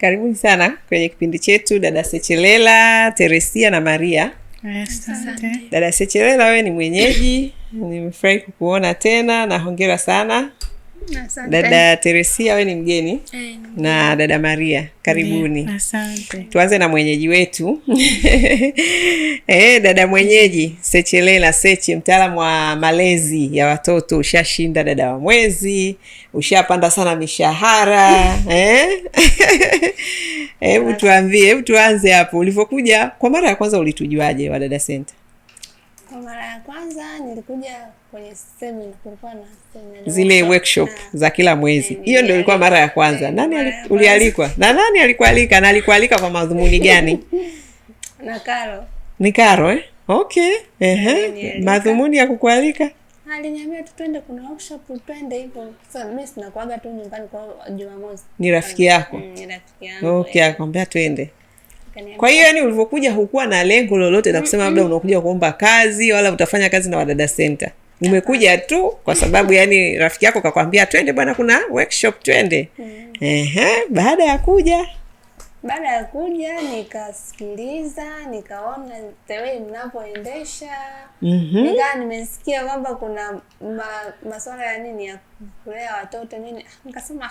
Karibuni sana kwenye kipindi chetu dada Sechelela, Teresia na Maria. Yes, dada Sechelela, wewe ni mwenyeji, nimefurahi kukuona tena na hongera sana Dada Teresia, we eh, ni mgeni na dada Maria, karibuni. Asante. Tuanze na mwenyeji wetu e, dada mwenyeji Sechelela Seche, mtaalamu wa malezi ya watoto. Ushashinda dada wa mwezi, ushapanda sana mishahara eh? hebu eh, tuambie, hebu tuanze hapo, ulivyokuja kwa mara ya kwanza ulitujuaje wa dada Center? Kwa mara ya kwanza nilikuja kwenye semina, kulikuwa na semina zile workshop na, ah. za kila mwezi. Hiyo ndio ilikuwa mara ya kwanza. Eh, nani ulialikwa na nani alikualika na alikualika kwa madhumuni gani? na Karo ni Karo eh? Okay, ehe, madhumuni ya kukualika aliniambia tu twende, kuna workshop twende hivyo. Sasa mimi sina kuaga tu nyumbani kwa Jumamosi. Ni rafiki yako? Mm, ni rafiki yangu. Okay, eh. akwambia twende kwa hiyo yani, ulivyokuja hukuwa na lengo lolote la kusema labda unakuja kuomba kazi wala utafanya kazi na Wadada Center. Umekuja tu kwa sababu yani rafiki yako kakwambia twende bwana, kuna workshop twende. Mm. Ehe, baada ya kuja baada ya kuja nikasikiliza, nikaona tewe mnavyoendesha mm -hmm. Nikaa nimesikia kwamba kuna ma, masuala ya nini ya kulea watoto nini, nikasema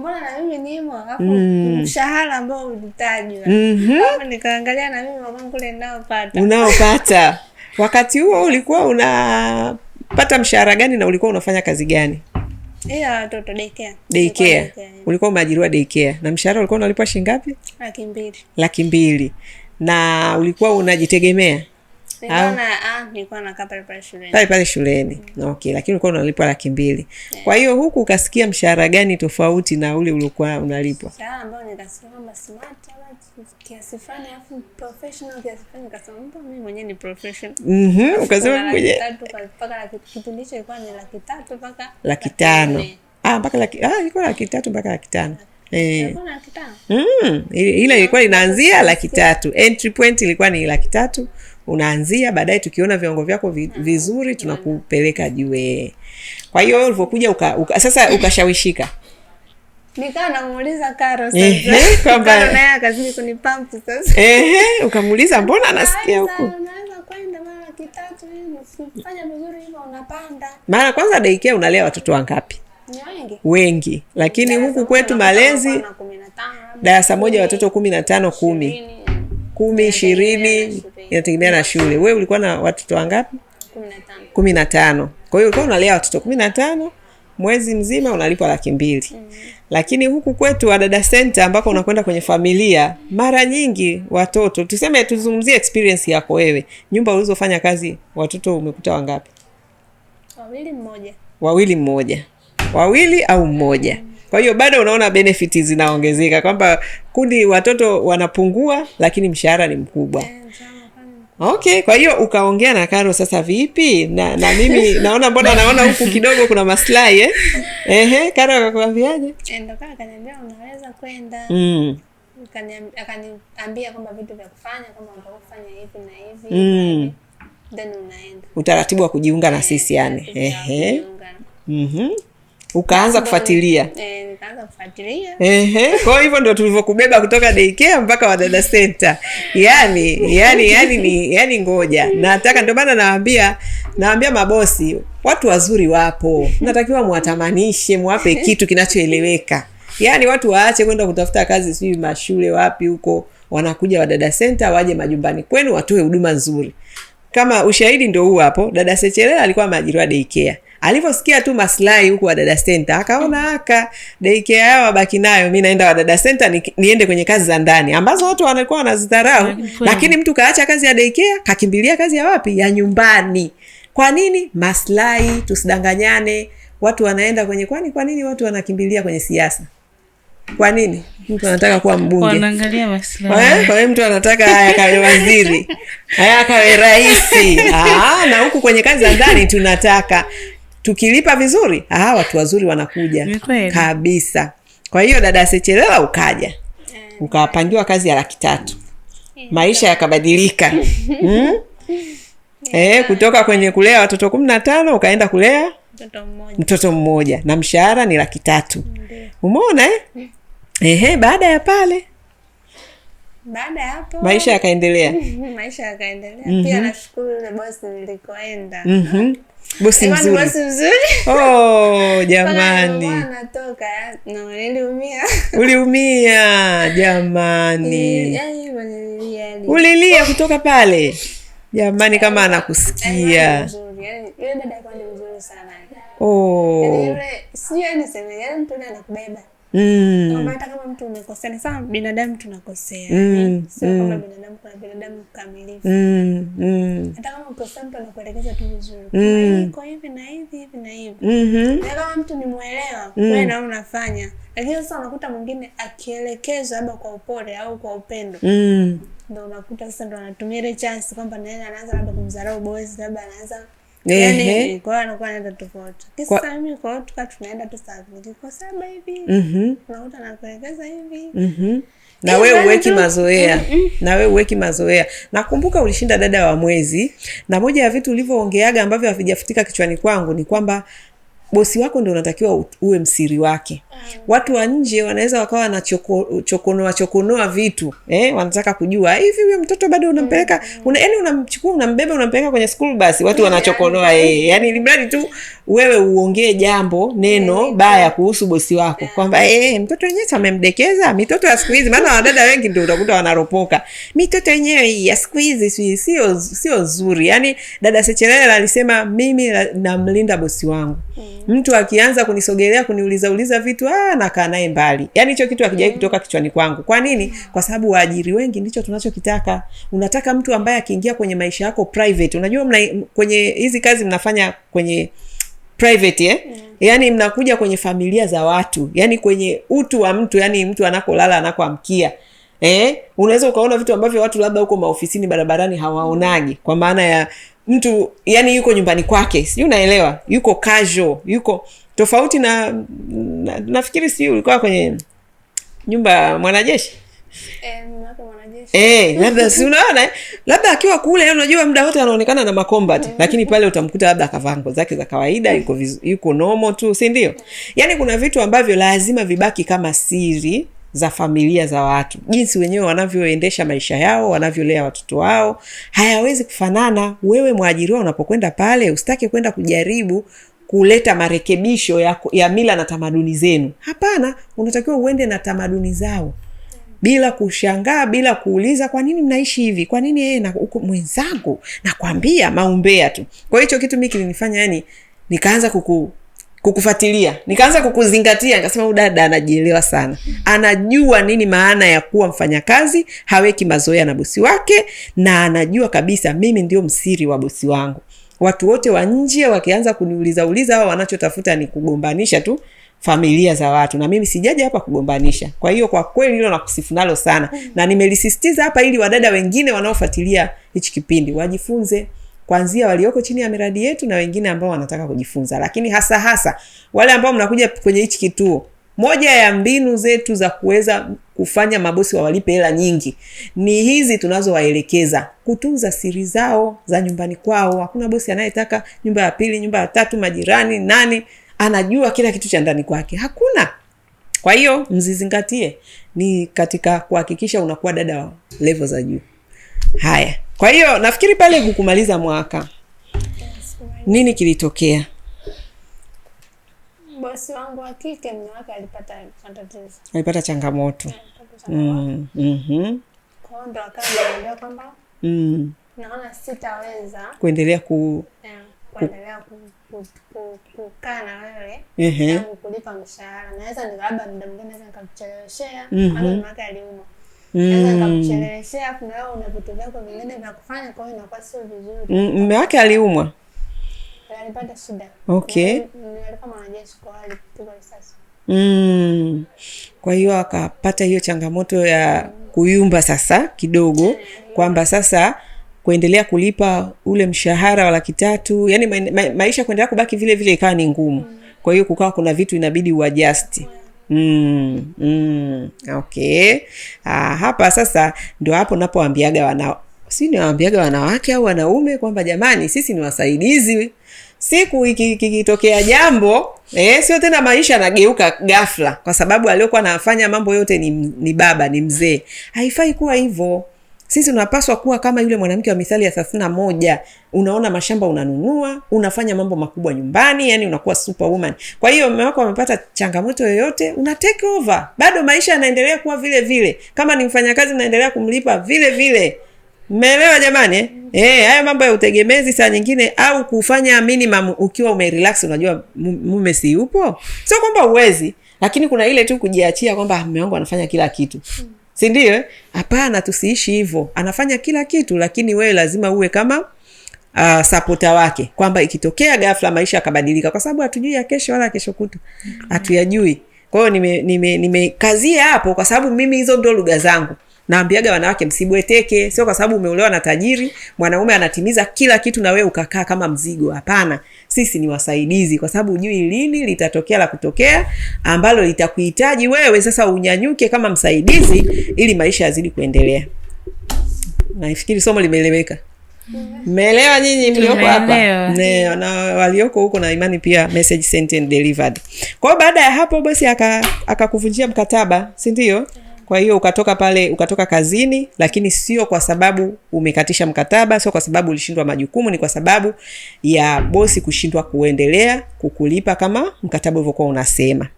mbona na mimi nimo, alafu mm. ambao mm -hmm. nikaangalia na mimi unaopata wakati huo ulikuwa unapata mshahara gani na ulikuwa unafanya kazi gani? Ila watoto daycare. Daycare. Ulikuwa umeajiriwa daycare. Na mshahara ulikuwa unalipwa shilingi ngapi? Laki mbili. Laki mbili. Na ulikuwa unajitegemea? Ah, pale pale shuleni mm. Okay, lakini ulikuwa unalipwa laki mbili yeah. Kwa hiyo huku ukasikia mshahara gani tofauti na ule uliokuwa unalipwa? Mhm, ukasema laki tano ah, mpaka ah, ilikuwa laki tatu mpaka laki tano Eh. Mm, ilikuwa inaanzia laki tatu, entry point ilikuwa ni laki tatu unaanzia baadaye, tukiona viwango vyako mm-hmm. vizuri tunakupeleka mm-hmm. juu. Kwa hiyo wewe ulivyokuja uka, uka, sasa mm-hmm. ukashawishika nikawa namuuliza Karo sasa, akazidi kunipampu sasa. ukamuuliza mbona anasikia huku mara kwanza daikia unalea watoto wangapi? Wengi, wengi. Lakini huku kwetu malezi darasa moja watoto kumi na tano kumi kumi ishirini, inategemea na shule. Wewe ulikuwa na watoto wangapi? kumi na tano. Kwa hiyo ulikuwa unalea watoto kumi na tano mwezi mzima unalipwa laki mbili. Mm. Lakini huku kwetu Wadada sent ambako unakwenda kwenye familia, mara nyingi watoto tuseme, tuzungumzie experience yako wewe, nyumba ulizofanya kazi, watoto umekuta wangapi? Wawili mmoja, wawili mmoja, wawili au mmoja? Mm. Kwa hiyo bado unaona benefit zinaongezeka kwamba kundi watoto wanapungua, lakini mshahara ni mkubwa. Eh, okay, kwa hiyo ukaongea na Karo sasa vipi? Na, na mimi naona mbona naona huku kidogo kuna maslahi eh? Ehe, Karo akakuambiaje eh, mm. mm. Utaratibu wa kujiunga na sisi yani. Eh, Ehe. Mhm ukaanza kufuatilia eh, kwao hivyo ndo tulivyokubeba kutoka daycare mpaka Wadada Center, yani yani yani ni yani, ngoja nataka, ndio maana nawambia nawambia mabosi, watu wazuri wapo, natakiwa mwatamanishe, mwape kitu kinachoeleweka. Yani watu waache kwenda kutafuta kazi sijui mashule wapi huko, wanakuja Wadada Center, waje majumbani kwenu, watoe huduma nzuri. Kama ushahidi ndo huu hapo, dada Sechelela alikuwa ameajiriwa deikea alivyosikia tu maslahi huku Wadada senta akaona aka ah, deike yao wabaki nayo, mi naenda Wadada Center ni, niende kwenye kazi za ndani ambazo watu wanakuwa wanazidharau, lakini mtu kaacha kazi ya deikea kakimbilia kazi ya wapi, ya nyumbani. Kwa nini? Maslahi, tusidanganyane. Watu wanaenda kwenye kwani, kwa nini watu wanakimbilia kwenye siasa? Kwa nini mtu anataka kuwa mbunge? Eh, kwa hiyo mtu anataka haya kawe waziri, haya kawe rais. Ah, na huku kwenye kazi za ndani tunataka tukilipa vizuri, ah, watu wazuri wanakuja kabisa. Kwa hiyo dada Sechelela ukaja ukapangiwa kazi ya laki tatu, maisha yakabadilika hmm? eh, yeah. E, kutoka kwenye kulea watoto kumi na tano ukaenda kulea mtoto mmoja, na mshahara ni laki tatu. umona eh? Mm. baada ya pale baada ya hapo maisha yakaendelea. maisha yakaendelea mm -hmm. Pia mhm. nashukuru yule bosi nilikoenda mm -hmm. Bosi mzuri, bosi mzuri. Oh, jamani natoka na yaani, no, niliumia. Uliumia jamani, yaani, yaani. ulilia kutoka pale jamani, kama anakusikia oh. Yule sio mtu anakubeba. Mm. hata kama mtu umekosea, sawa, binadamu tunakosea. Mm. Yaani, sio mm. binadamu, kuna binadamu kamilifu. Mm, mm. Hata kama ukosea, mtu anakuelekeza tu vizuri. Kwa hivi na hivi hivi na hivi. Na mm-hmm. kama mtu ni mwelewa, wewe na unafanya. Lakini sasa unakuta mwingine akielekezwa labda kwa upole au kwa upendo. Mm. Ndio unakuta sasa ndio anatumia ile chance kwamba naye anaanza labda kumdharau bosi, labda anaanza Yani na mhm. mhm. yaani we uweki mazoea mm, mm. na we uweki mazoea. Nakumbuka ulishinda dada wa mwezi, na moja ya vitu ulivyoongeaga ambavyo havijafutika kichwani kwangu ni kwamba bosi wako ndo unatakiwa uwe msiri wake. Mm. Watu wa nje wanaweza wakawa wanachokonoa chokonoa vitu eh, wanataka kujua hivi huyo mtoto bado unampeleka mm. una, yani unamchukua unambeba unampeleka kwenye skulu, basi watu wanachokonoa yeye, yani ili mradi tu wewe uongee jambo neno baya kuhusu bosi wako kwamba eh, eh, mtoto wenyewe amemdekeza. Mitoto ya siku hizi, maana wadada wengi ndo utakuta wanaropoka, mitoto yenyewe hii ya siku hizi sio sio nzuri. Yani dada Sechelele alisema mimi namlinda bosi wangu mm mtu akianza kunisogelea kuniuliza uliza vitu ah, nakaa naye mbali. Yani hicho kitu akijai mm. kutoka kichwani kwangu. Kwa nini? Mm. Kwa sababu waajiri wengi ndicho tunachokitaka. Unataka mtu ambaye akiingia kwenye maisha yako private. Unajua mna, kwenye hizi kazi mnafanya kwenye private eh? Yeah. Mm. Yani mnakuja kwenye familia za watu, yani kwenye utu wa mtu, yani mtu anakolala anakoamkia Eh, unaweza ukaona vitu ambavyo watu labda huko maofisini, barabarani hawaonagi, kwa maana ya mtu yani yuko nyumbani kwake sijui unaelewa yuko kasho yuko tofauti na, na nafikiri sijui ulikuwa kwenye nyumba ya mwanajeshi Eh, labda si unaona eh? labda akiwa kule yaani unajua muda wote anaonekana na makombat mm. lakini pale utamkuta labda akavaa nguo zake za kawaida yuko, yuko nomo tu si ndio? Mm. yani kuna vitu ambavyo lazima vibaki kama siri za familia za watu, jinsi wenyewe wanavyoendesha maisha yao, wanavyolea watoto wao hayawezi kufanana. Wewe mwajiriwa, unapokwenda pale, usitake kwenda kujaribu kuleta marekebisho ya, ya mila na tamaduni zenu. Hapana, unatakiwa uende na tamaduni zao bila kushangaa, bila kuuliza kwa nini mnaishi hivi, kwa nini yeye na mwenzangu, nakwambia maumbea tu. Kwa hicho kitu mi kilinifanya yani nikaanza kuku kukufatilia nikaanza kukuzingatia, nikasema huyu dada anajielewa sana, anajua nini maana ya kuwa mfanyakazi, haweki mazoea na bosi wake, na anajua kabisa mimi ndio msiri wa bosi wangu. Watu wote wa nje wakianza kuniulizauliza uliza, wanachotafuta ni kugombanisha tu familia za watu, na mimi sijaja hapa kugombanisha. Kwa hiyo kwa kweli hilo nakusifu nalo sana, na nimelisistiza hapa ili wadada wengine wanaofuatilia hichi kipindi wajifunze kuanzia walioko chini ya miradi yetu na wengine ambao wanataka kujifunza, lakini hasa hasa wale ambao mnakuja kwenye hichi kituo moja ya mbinu zetu za kuweza kufanya mabosi wawalipe hela nyingi ni hizi tunazowaelekeza, kutunza siri zao za nyumbani kwao. Hakuna bosi anayetaka nyumba ya pili, nyumba ya tatu, majirani, nani anajua kila kitu cha ndani kwake? Hakuna. Kwa hiyo mzizingatie, ni katika kuhakikisha unakuwa dada wa levo za juu. Haya, kwa hiyo nafikiri pale kukumaliza mwaka nini kilitokea? Bosi wangu wa mwaka mnawake alipata matatizo, alipata changamoto mm. mm -hmm. Kwao ndo akaambia kwamba mm. naona sitaweza kuendelea ku yeah, kuendelea ku, ku, kukaa na wewe uh kulipa mshahara, naweza ni labda muda mwingine naweza nikakucheleweshea. mm -hmm. mwaka aliuma Mm. kakucheleweshea vitu vyako vingine vya kufanya, kwa hiyo inakuwa sio vizuri. Mm, mume wake aliumwa, alipata shida. Okay, alikuwa mwanajeshi, kwa hiyo alipigwa risasi. Mm. Kwa hiyo akapata hiyo changamoto ya kuyumba sasa kidogo, mm. kwamba sasa kuendelea kulipa ule mshahara wa laki tatu, yani ma ma maisha kuendelea kubaki vile vile ikawa ni ngumu. Kwa hiyo kukawa kuna vitu inabidi uajasti Mm, mm, okay. Ah, hapa sasa ndio hapo napoambiaga wana si niwaambiaga wanawake au wanaume kwamba jamani, sisi ni wasaidizi. Siku ikitokea jambo eh, sio tena maisha anageuka ghafla, kwa sababu aliyokuwa anafanya mambo yote ni, ni baba ni mzee. Haifai kuwa hivyo. Sisi tunapaswa kuwa kama yule mwanamke wa Mithali ya thelathini na moja. Unaona mashamba unanunua, unafanya mambo makubwa nyumbani, yani unakuwa superwoman. Kwa hiyo mme wako amepata changamoto yoyote, una take over, bado maisha yanaendelea kuwa vile vile. Kama ni mfanyakazi, unaendelea kumlipa vile vile. Mmeelewa jamani eh? mm. Eh, hey, haya mambo ya utegemezi saa nyingine au kufanya minimum ukiwa umerelax, unajua mume si yupo. Sio kwamba uwezi, lakini kuna ile tu kujiachia kwamba mme wangu anafanya kila kitu. mm sindio Hapana, tusiishi hivyo. Anafanya kila kitu, lakini wewe lazima uwe kama uh, ah, sapota wake, kwamba ikitokea gafla maisha akabadilika kwa sababu hatujui ya kesho wala kesho kutu, mm-hmm. hatuyajui. Kwa hiyo nimekazia nime, nime hapo, kwa sababu mimi hizo ndo lugha zangu naambiaga wanawake msibweteke, sio kwa sababu umeolewa na tajiri mwanaume anatimiza kila kitu na wewe ukakaa kama mzigo. Hapana, sisi ni wasaidizi, kwa sababu ujui lini litatokea la kutokea ambalo litakuhitaji wewe sasa unyanyuke kama msaidizi ili maisha yazidi kuendelea. Nafikiri somo limeeleweka. Mmeelewa nyinyi mlioko hapa na walioko huko, na imani pia message sent and delivered. Kwa hiyo baada ya hapo bosi akakuvunjia aka mkataba, si ndio? Kwa hiyo ukatoka pale, ukatoka kazini, lakini sio kwa sababu umekatisha mkataba, sio kwa sababu ulishindwa majukumu, ni kwa sababu ya bosi kushindwa kuendelea kukulipa kama mkataba ulivyokuwa unasema.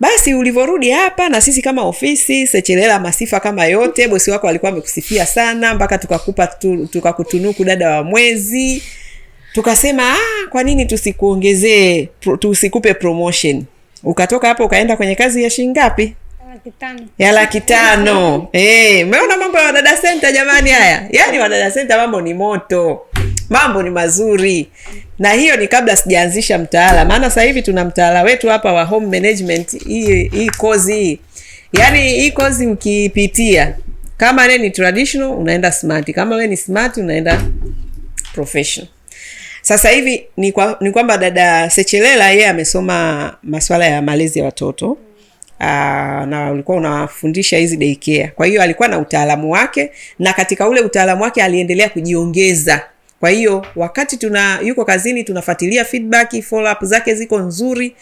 Basi ulivyorudi hapa na sisi kama ofisi Sechelela, masifa kama yote, bosi wako alikuwa amekusifia sana mpaka tukakupa tukakutunuku dada wa mwezi, tukasema ah, kwa nini tusikuongezee, tusikupe promotion? Ukatoka hapo ukaenda kwenye kazi ya shilingi ngapi? ya laki tano hey, eh, meona mambo ya Wadada Senta jamani, haya yaani Wadada Senta mambo ni moto, mambo ni mazuri, na hiyo ni kabla sijaanzisha mtaala, maana sasa hivi tuna mtaala wetu hapa wa home management. Hii hii kozi hii, yaani hii kozi ukipitia, kama we ni traditional unaenda smart, kama we ni smart unaenda professional. Sasa hivi ni, kwa, ni kwamba dada Sechelela yeye amesoma masuala ya malezi ya watoto mm. Ah, na ulikuwa unafundisha hizi daycare. Kwa hiyo alikuwa na utaalamu wake, na katika ule utaalamu wake aliendelea kujiongeza. Kwa hiyo wakati tuna yuko kazini tunafuatilia feedback, follow up zake ziko nzuri.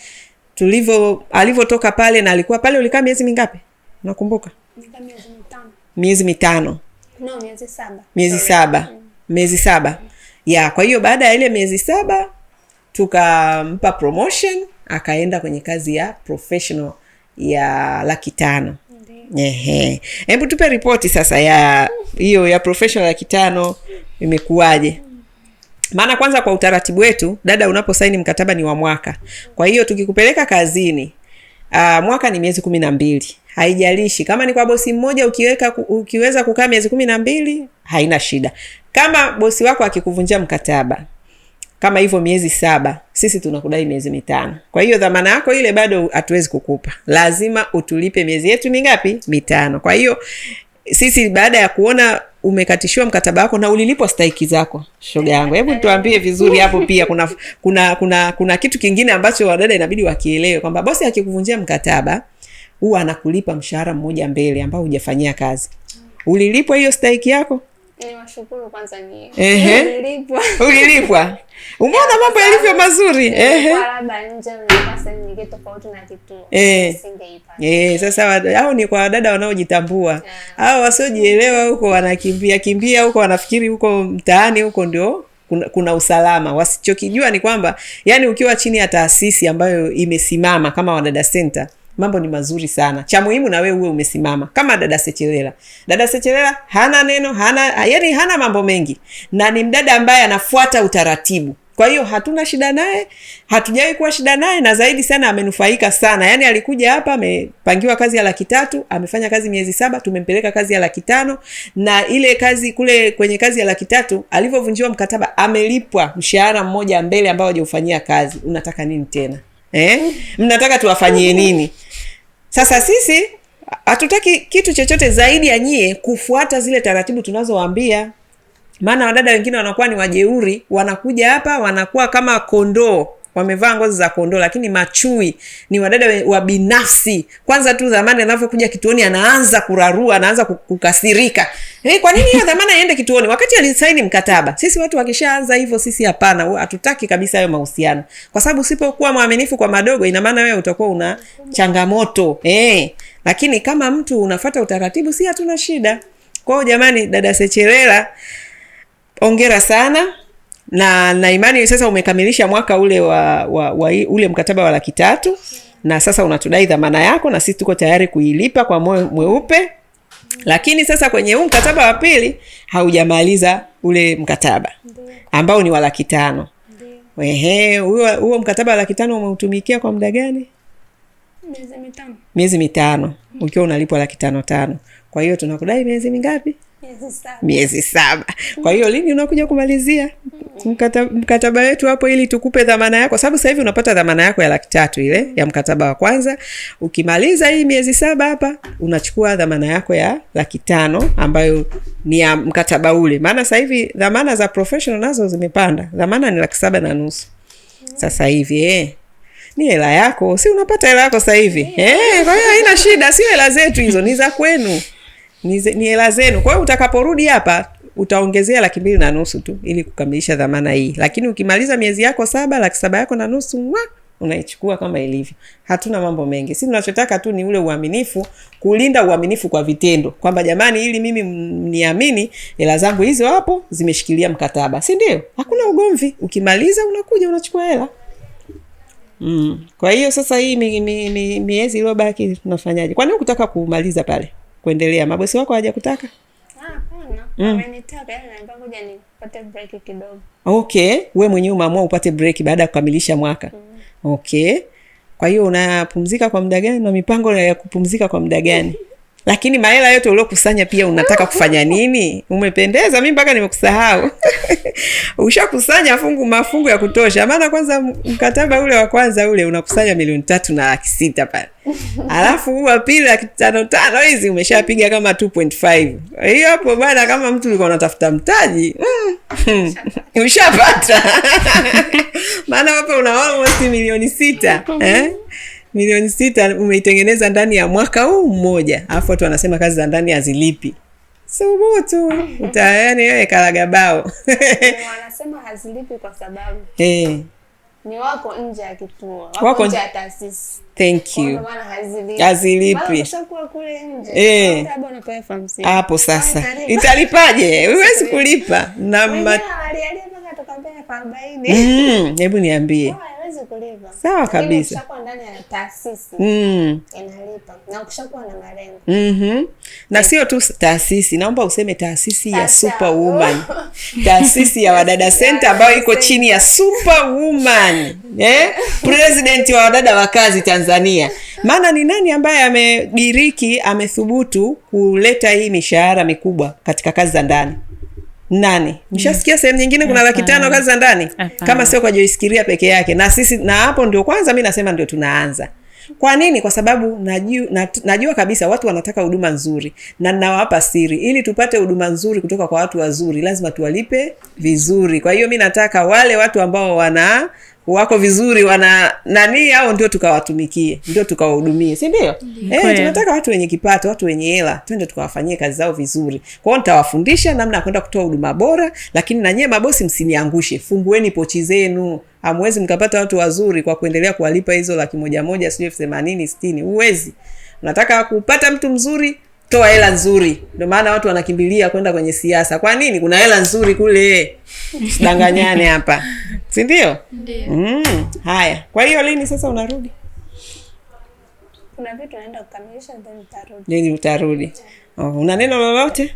Tulivyo alivyotoka pale, na alikuwa pale, ulikaa miezi mingapi? Unakumbuka? miezi mitano. Miezi mitano. No, miezi saba. Miezi saba. Miezi saba. Ya, kwa hiyo baada ya ile miezi saba tukampa promotion akaenda kwenye kazi ya professional ya laki tano. Ehe, hebu tupe ripoti sasa ya hiyo ya professional laki tano imekuwaje? Maana kwanza kwa utaratibu wetu dada, unaposaini mkataba ni wa mwaka. Kwa hiyo tukikupeleka kazini uh, mwaka ni miezi kumi na mbili. Haijalishi kama ni kwa bosi mmoja, ukiweka ukiweza kukaa miezi kumi na mbili haina shida. Kama bosi wako akikuvunjia mkataba kama hivyo miezi saba, sisi tunakudai miezi mitano. Kwa hiyo dhamana yako ile bado hatuwezi kukupa, lazima utulipe. Miezi yetu ni ngapi? Mitano. Kwa hiyo sisi baada ya kuona umekatishiwa mkataba wako na ulilipwa stahiki zako, shoga yangu, hebu tuambie vizuri hapo. Pia kuna, kuna kuna kuna kitu kingine ambacho wadada inabidi wakielewe kwamba bosi akikuvunjia mkataba huwa anakulipa mshahara mmoja mbele ambao hujafanyia kazi. Ulilipwa hiyo stahiki yako? nilipwa. Ulilipwa? Umeona yaani mambo yalivyo mazuri. Ehe. Eh. eh. sasa au ni kwa wadada wanaojitambua. Eh. au wasiojielewa huko wanakimbia kimbia huko wanafikiri huko mtaani huko ndio kuna, kuna usalama. Wasichokijua ni kwamba yani ukiwa chini ya taasisi ambayo imesimama kama Wadada Center mambo ni mazuri sana. Cha muhimu na wewe uwe umesimama kama dada Sechelela. Dada Sechelela hana neno, hana yani, hana mambo mengi, na ni mdada ambaye anafuata utaratibu. Kwa hiyo hatuna shida naye, hatujawai kuwa shida naye, na zaidi sana amenufaika sana. Yani alikuja hapa amepangiwa kazi ya laki tatu, amefanya kazi miezi saba, tumempeleka kazi ya laki tano, na ile kazi kule kwenye kazi ya laki tatu alivyovunjiwa mkataba amelipwa mshahara mmoja mbele ambao hajaufanyia kazi. Unataka nini tena eh? Mnataka tuwafanyie nini? Sasa sisi hatutaki kitu chochote zaidi ya nyie kufuata zile taratibu tunazowaambia, maana wadada wengine wanakuwa ni wajeuri, wanakuja hapa wanakuwa kama kondoo wamevaa ngozi za kondoo, lakini machui ni wadada wa binafsi. Kwanza tu dhamana anavyokuja kituoni, anaanza kurarua, anaanza kukasirika. E, kwa nini hiyo dhamana aende kituoni wakati alisaini mkataba? Sisi watu wakishaanza hivyo, sisi hapana, hatutaki kabisa hayo mahusiano, kwa sababu usipokuwa mwaminifu kwa madogo, ina maana wewe utakuwa una changamoto e. Lakini kama mtu unafata utaratibu, si hatuna shida kwao. Jamani, dada Sechelela, ongera sana na na imani sasa umekamilisha mwaka ule wa, wa, wa ule mkataba wa laki tatu na sasa unatudai dhamana yako, na sisi tuko tayari kuilipa kwa moyo mweupe. Lakini sasa kwenye huu mkataba wa pili haujamaliza ule mkataba ambao ni wa laki tano. huo mkataba wa laki tano umeutumikia kwa muda gani? Miezi mitano, miezi mitano, ukiwa unalipwa laki tano tano. Kwa hiyo tunakudai miezi mingapi? miezi saba, Kwa hiyo mm. lini unakuja kumalizia mkata, mkataba wetu hapo ili tukupe dhamana yako, kwa sababu sasa hivi unapata dhamana yako ya laki tatu ile ya mkataba wa kwanza. Ukimaliza hii miezi saba hapa unachukua dhamana yako ya laki tano ambayo ni ya mkataba ule, maana sasa hivi dhamana za professional nazo zimepanda, dhamana ni laki saba na nusu sasa hivi eh ni hela yako, si unapata hela yako sasa hivi eh? Kwa hiyo haina shida, sio hela zetu hizo, ni za kwenu ni, ni hela zenu. Kwa hiyo utakaporudi hapa utaongezea laki mbili na nusu tu ili kukamilisha dhamana hii, lakini ukimaliza miezi yako saba, laki saba yako na nusu mwa unaichukua kama ilivyo. Hatuna mambo mengi, si tunachotaka tu ni ule uaminifu, kulinda uaminifu kwa vitendo, kwamba jamani, ili mimi niamini, hela zangu hizo hapo zimeshikilia mkataba, si ndio? Hakuna ugomvi, ukimaliza unakuja unachukua hela. Mm. Kwa hiyo sasa hii mi, mi, mi, miezi iliyobaki tunafanyaje? Kwa nini kutaka kumaliza pale? kuendelea. Mabosi wako hawajakutaka? Mm. Yaani okay, we mwenyewe umeamua upate break baada ya kukamilisha mwaka. Mm. Okay, kwa hiyo unapumzika kwa muda gani na mipango ya kupumzika kwa muda gani? lakini mahela yote uliokusanya pia unataka kufanya nini? Umependeza, mi mpaka nimekusahau. Ushakusanya fungu mafungu ya kutosha, maana kwanza mkataba ule wa kwanza ule unakusanya milioni tatu na laki sita pale, alafu huu pili laki tano tano hizi umeshapiga kama 2.5 hiyo hapo bana. Kama mtu ulikuwa unatafuta mtaji mm, hmm, ushapata maana hapa una almost milioni sita eh? milioni sita umeitengeneza ndani ya mwaka huu mmoja, alafu watu wanasema kazi za ndani hazilipi. Subutu utayani wewe karagabao. Eh. ni wako nje ya kituo, hazilipi eh. hapo. sasa italipaje? huwezi kulipa na mm, hebu niambie hawezi kulipa. Sawa kabisa. Ukishakuwa ndani ya taasisi mm. inalipa na ukishakuwa na malengo mm -hmm. na eh. sio tu taasisi, naomba useme taasisi Tata. ya Superwoman taasisi ya Wadada Center ambayo iko chini ya Superwoman eh? president wa wadada wa kazi Tanzania. Maana ni nani ambaye amediriki, amethubutu kuleta hii mishahara mikubwa katika kazi za ndani? nane mshasikia mm. sehemu nyingine kuna laki tano kazi za ndani kama sio kwa Joisikiria peke yake, na sisi na hapo ndio kwanza mi nasema ndio tunaanza. Kwa nini? Kwa sababu najua kabisa watu wanataka huduma nzuri na nawapa siri, ili tupate huduma nzuri kutoka kwa watu wazuri lazima tuwalipe vizuri. Kwa hiyo mi nataka wale watu ambao wana wako vizuri, wana nani au ndio tukawatumikie, ndio tukawahudumie, si ndio? Eh, tunataka watu wenye kipato, watu wenye hela, twende tukawafanyie kazi zao vizuri. kwao nitawafundisha namna ya kwenda kutoa huduma bora, lakini na mabosi, msiniangushe, fungueni pochi zenu. amwezi mkapata watu wazuri kwa kuendelea kuwalipa hizo laki moja moja, sijui elfu themanini sitini. Huwezi. Nataka kupata mtu mzuri toa hela nzuri. Ndio maana watu wanakimbilia kwenda kwenye siasa. Kwa nini? Kuna hela nzuri kule, sidanganyane hapa, si ndio? Mm, haya. Kwa hiyo lini sasa unarudi? Kuna vitu naenda kukamilisha, then utarudi. Nini utarudi? Oh, una neno lolote?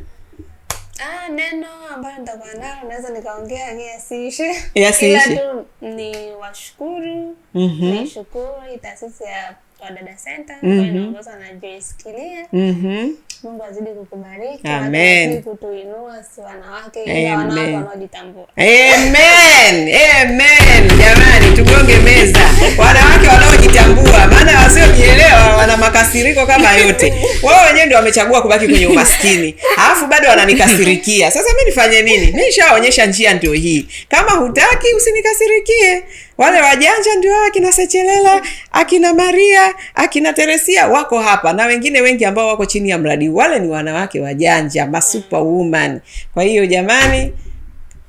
Ah, neno ambayo nitakuwa nalo naweza nikaongea yasiishe yasiishi ni washukuru mm -hmm. ni shukuru taasisi ya Wadada Center mm -hmm. inaongozwa na Joyce Kilia mm -hmm. Mungu azidi kukubariki, kutuinua si wanawake, ila wanawake wanaojitambua. Amen. Amen. Jamani, tugonge meza wanawake wanaojitambua, maana wasiojielewa wana makasiriko kama yote. Wao wenyewe ndio wamechagua kubaki kwenye umaskini, alafu bado wananikasirikia. Sasa mi nifanye nini? Mi nishaonyesha njia, ndio hii. Kama hutaki usinikasirikie. Wale wajanja ndio hao akina Sechelela, akina Maria, akina Teresia wako hapa na wengine wengi ambao wako chini ya mradi. Wale ni wanawake wajanja, woman Kwa hiyo jamani,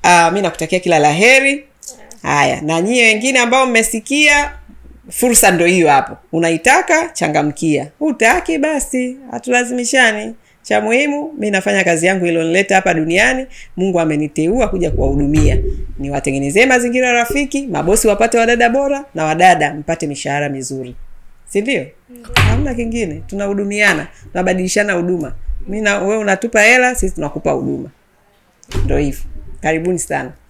uh, mi nakutakia kila laheri. Haya, na nyie wengine ambao mmesikia fursa ndio hiyo hapo. Unaitaka changamkia, hutaki basi, hatulazimishani cha muhimu, mi nafanya kazi yangu ilionileta hapa duniani. Mungu ameniteua kuja kuwahudumia, niwatengenezee mazingira rafiki, mabosi wapate wadada bora na wadada mpate mishahara mizuri, si ndio? Hamna kingine, tunahudumiana, tunabadilishana huduma. Mi na wewe unatupa hela, sisi tunakupa huduma, ndio hivyo. Karibuni sana.